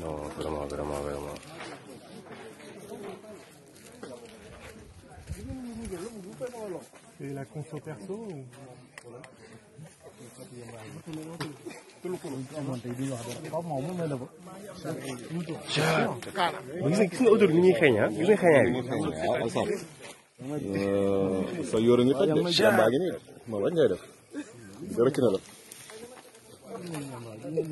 non vraiment vraiment vraiment Et la conso perso ou gis nga gis nga odeur bi ñuy xeeñ ah gis nga xeeñaay bi. waaw Assane. sa yore ngi toj de. jàmbaa ngi nii ma bañ ngay def. rëcc na la. lii nii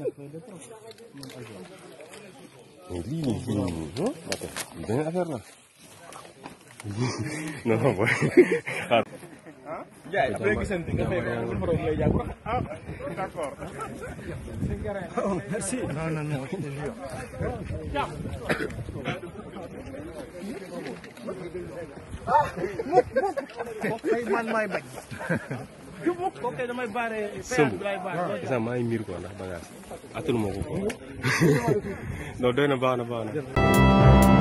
lii nii beneen affaire la. non non booy. Ndiaye après gisante nga fay ah d'accord. oh merci. non non non. ah. man maay bañ. kooku kay damay baare. sëmb maa ngi miir ko ndax bagage atuluma ko ko non doy na baax na baax na.